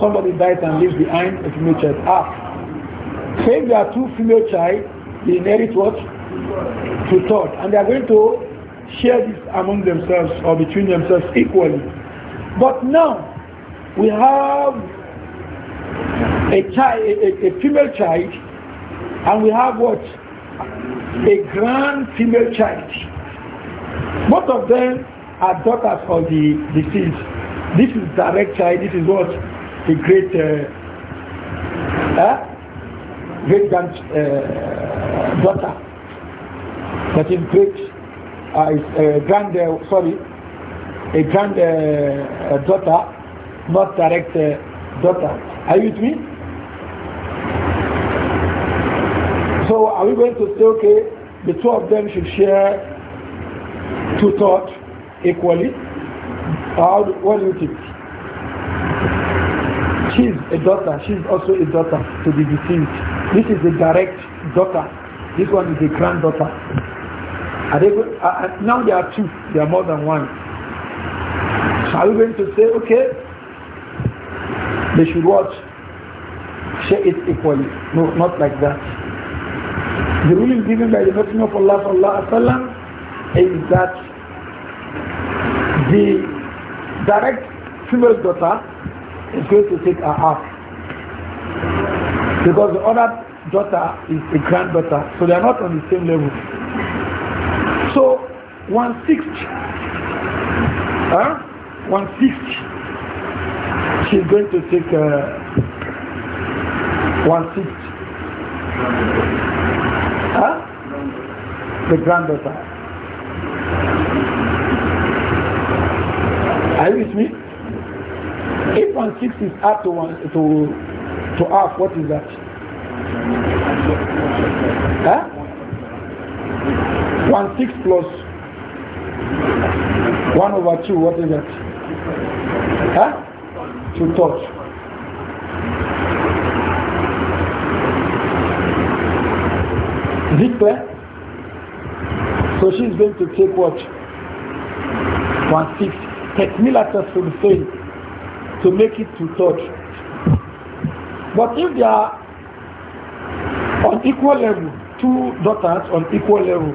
Somebody dies and leaves behind a female child. Ah. Say there are two female child, they inherit what? Two third. And they are going to share this among themselves or between themselves equally. But now, we have a, child, a, a female child and we have what? a grand female child. Both of them are daughters of the deceased. This is direct child. This is what the great, uh, uh, great grand uh, daughter. That is great, uh, uh grand, uh, sorry, a grand uh, daughter, not direct daughter. Are you with me? are we going to say, okay, the two of them should share two thoughts equally? How, what do you think? She's a daughter. She's also a daughter to be deceived. This is a direct daughter. This one is a granddaughter. Are they, uh, uh, now there are two. There are more than one. Are we going to say, okay, they should watch, share it equally? No, not like that. The ruling given by the Messenger of Allah sallam, is that the direct female daughter is going to take her half. Because the other daughter is a granddaughter, so they are not on the same level. So one sixth, huh? one sixth, she's going to take uh, one sixth the granddaughter. Are you with me? If one 6 is up to, one, to, to ask, What is that? Huh? 1 6 plus 1 over 2, what is that? Huh? 2 touch. Is it clear? So she's going to take what? One sixth. Tekmila Tasfulfein to make it to touch. But if they are on equal level, two daughters on equal level,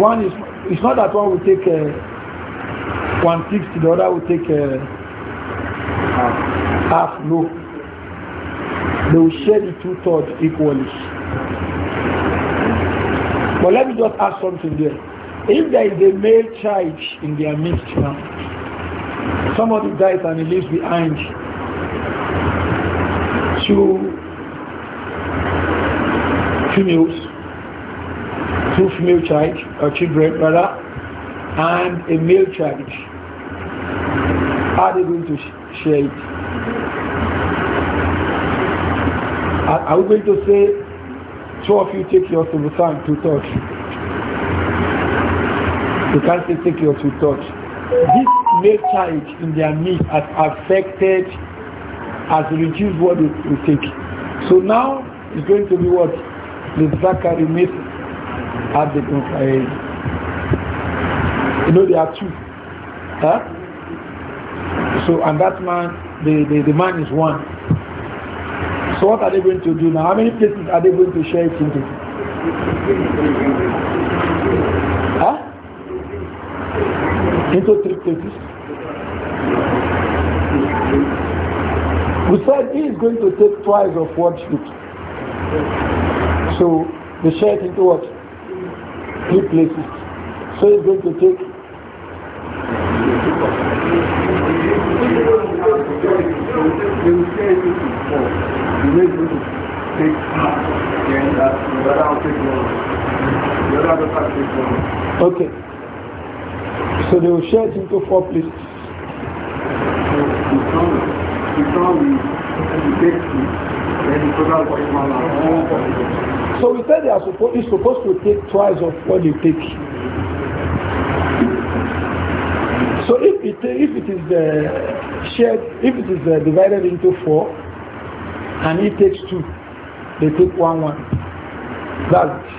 one is, it's not that one will take 16, uh, one sixth, the other will take uh, half, no. They will share the two thirds equally. But let me just ask something there. If there is a male child in their midst now, somebody dies and he leaves behind two females, two female child or children rather, and a male child. Are they going to share it? Are, are we going to say Two of you take your Subusan to touch. You can't say take your to touch. This male child in their midst has affected, has reduced what they will take. So now it's going to be what? The Zakari myth at the Confahid. Uh, you know there are two. Huh? So and that man, the, the, the man is one. So what are they going to do now? How many places are they going to share it into? Huh? Into three places. We said he is going to take twice of what it. So they share it into what? Three places. So he's going to take they will it Okay. So they will share it into four places. So we said they are supposed, he's supposed to take twice of what you take. So if it, if it is uh, shared, if it is uh, divided into four, and it takes two. They take one one. That's it.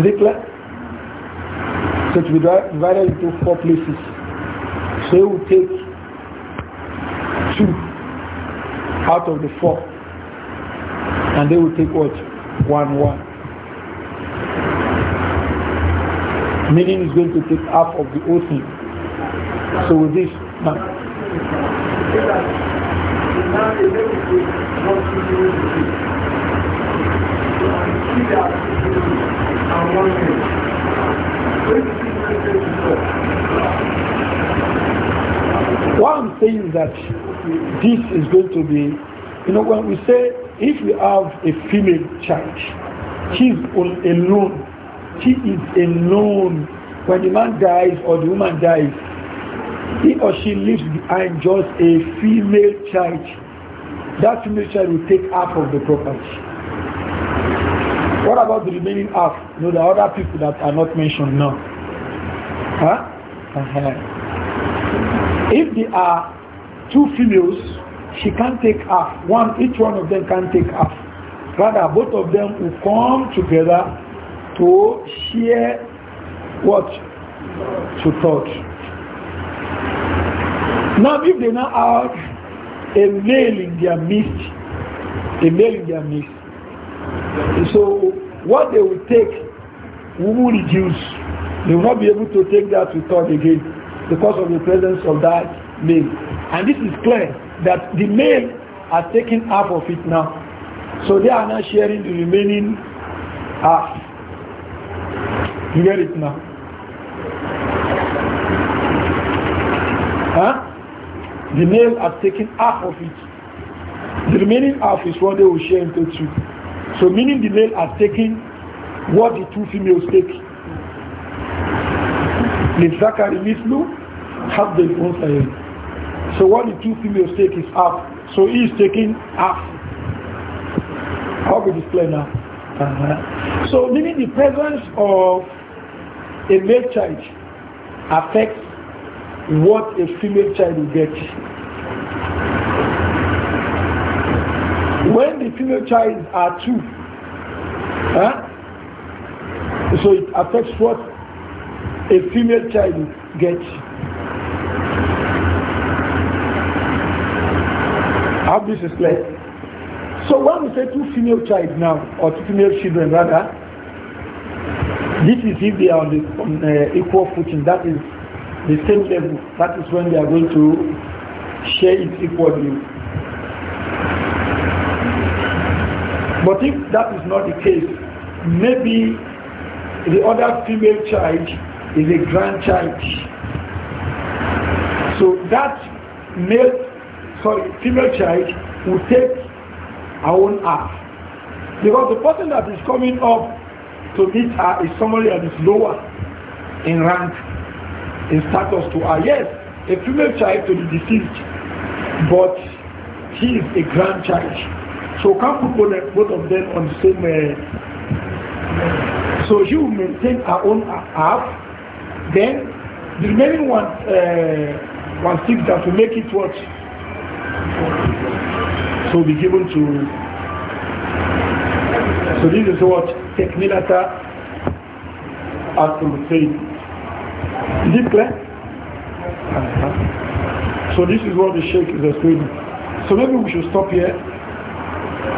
Is it clear? So to be divided into four places. So will take two out of the four. And they will take what? One one. Meaning is going to take half of the whole thing. So with this, now, One thing that this is going to be, you know, when we say if we have a female child, she's alone. She is alone. When the man dies or the woman dies, he or she leaves behind just a female child, that female child will take half of the property. What about the remaining half? You know, the other people that are not mentioned now. Huh? Uh -huh. If there are two females, she can take half. One, each one of them can take half. Rather, both of them will come together to share what? To thought. Now, if they now have a male in their midst, a male in their midst, so what they will take will reduce. They will not be able to take that with thought again because of the presence of that male. And this is clear that the male are taking half of it now. So they are not sharing the remaining half. You get it now? Huh? The male has taken half of it. The remaining half is what they will share into two. So meaning the male has taken what the two females take. للذكر مثل حظ الأنثيين. So what the two females take is half. So he is taking half. How we display now? Uh -huh. So meaning the presence of a male child affects what a female child will get. female child are two. Huh? So it affects what a female child gets. How this is clear. So when we say two female child now, or two female children rather, this is if they are on, the, on uh, equal footing. That is the same level. That is when they are going to share it equally. But if that is not the case, maybe the other female child is a grandchild. So that male, sorry, female child will take her own half. Because the person that is coming up to meet her is somebody that is lower in rank, in status to her. Yes, a female child to the deceased, but she is a grandchild. So we can't put both of them on the same. Uh, so she will maintain her own half. Then the remaining one, uh, thing that will make it what? So be given to. So this is what Tekmilata Al-Thulutain. Is it clear? Uh -huh. So this is what the Sheikh is explaining. So maybe we should stop here.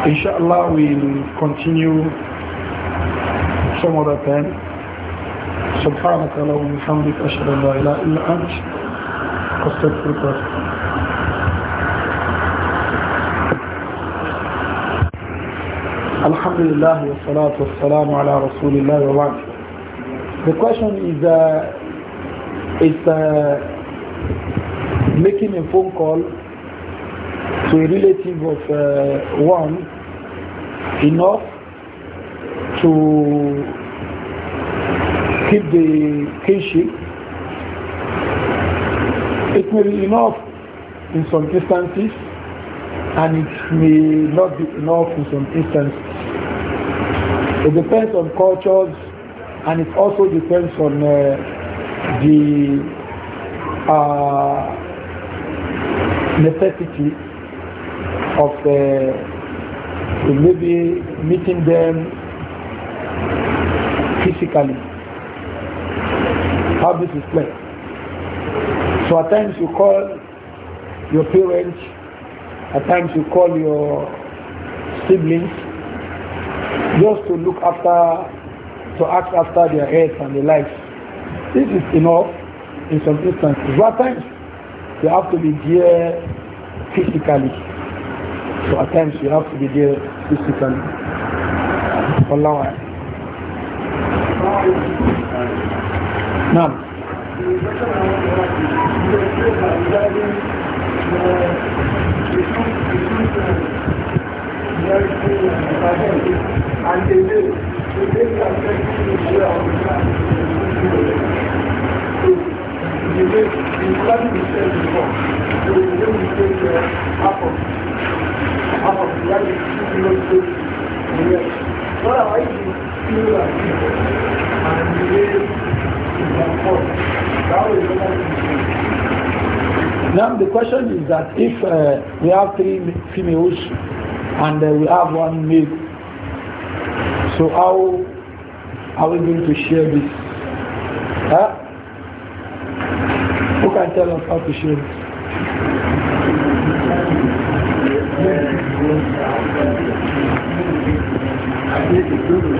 Inshallah, we'll continue some other time. سبحانك اللهم وبحمدك أشهد أن لا إله إلا أنت أستغفرك وأتوب Alhamdulillah wa salatu wa salamu ala Rasulillah wa The question is, uh, is uh, making a phone call to a relative of uh, one enough to keep the kinship. It may be enough in some instances and it may not be enough in some instances. It depends on cultures and it also depends on uh, the uh, necessity of the uh, Maybe meeting them physically. How this is played. So at times you call your parents, at times you call your siblings just to look after, to act after their health and their lives. This is enough in some instances. But at times you have to be there physically. So at times you have to be there physically. Allah. Now, you now the question is that if uh, we have three females and uh, we have one male, so how are we going to share this? Huh? Who can tell us how to share this?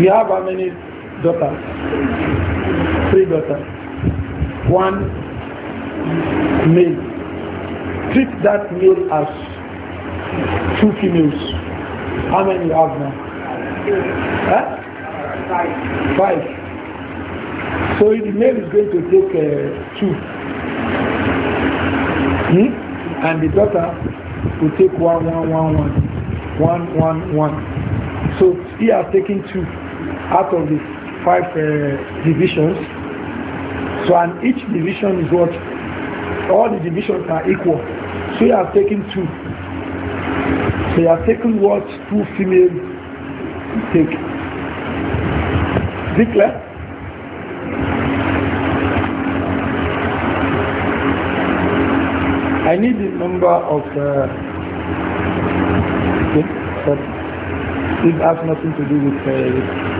We have how many daughters? Three daughters. One male. Treat that male as two females. How many you have now? Huh? Five. So the male is going to take uh, two. Hmm? And the daughter will take one, one, one, one, one, one, one. So he has taken two out of the five uh, divisions. So, and each division is what? All the divisions are equal. So you have taken two. So you have taken what two females take. Is it clear? I need the number of uh, but it has nothing to do with uh,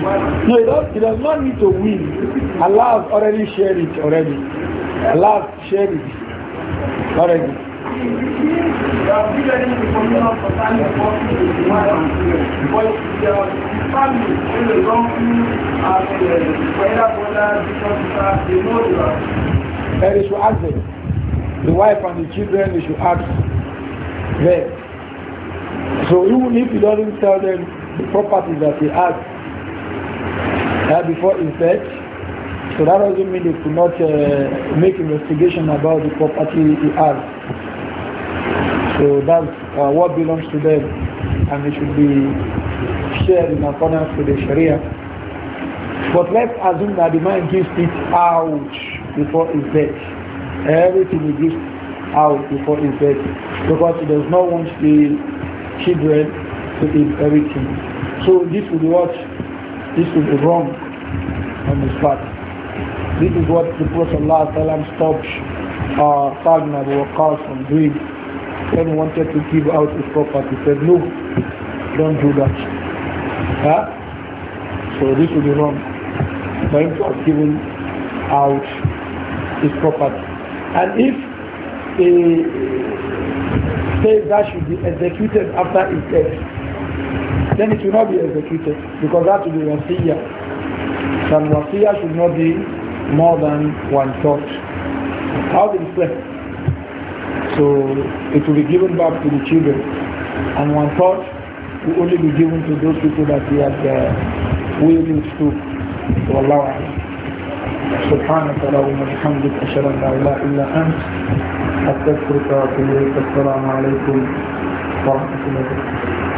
No, he does, it does not need to win. Allah has already shared it already. Allah has shared it already. And they should ask them. The wife and the children, they should ask them. So even if you don't tell them the property that they have. uh, before inset. So that doesn't mean they could not uh, make investigation about the property he has. So that's uh, what belongs to them and it should be shared in accordance with the Sharia. But let's assume that the man gives it out before his death. Everything he gives out before his death because he does not want the children to eat everything. So this will be what this is wrong on his part. This is what the Prophet ﷺ stopped uh, sa Abu Waqqas from doing when he wanted to give out his property. He said, no, don't do that. Huh? So this would be wrong for him to have given out his property. And if a say that should be executed after his death, then it will not be executed because that will be wasiyah. And wasiyah should not be more than one thought. How did it play? So it will be given back to the children. And one thought will only be given to those people that we have uh, willing to. So Allah سبحانك اللهم وبحمدك أشهد أن لا إله إلا أنت أستغفرك وأتوب إليك السلام عليكم ورحمة الله وبركاته